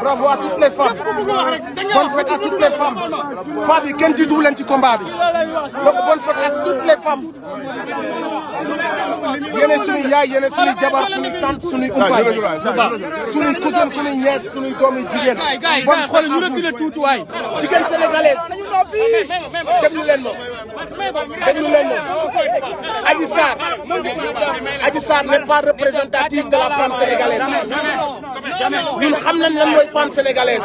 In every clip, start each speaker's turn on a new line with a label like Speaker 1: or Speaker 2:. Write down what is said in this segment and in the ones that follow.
Speaker 1: bravo à toutes les femmes bonne fête à toutes les femmes Fabi, qu'est-ce combat bonne fête à toutes les femmes yéen suñuy yaay yéen suñuy jabar suñuy tante suñuy cousin doomi bon souliers, ñu sénégalaise des Adji sar Adji sar n'est pas représentatif de la femme sénégalaise ñun xam nañ lan moy femme sénégalaise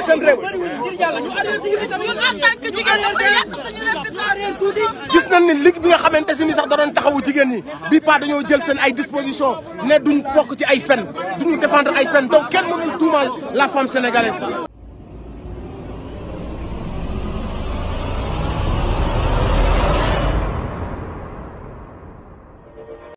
Speaker 1: aar seen réew. gis nañ ni ligue bi nga xamante si ni sax da doon taxawu jigéen ñi bii pas dañoo jël seen ay disposition ne duñ fokk ci ay fen duñ défendre ay fen donc kenn mënul tuumaal la femme sénégalaise.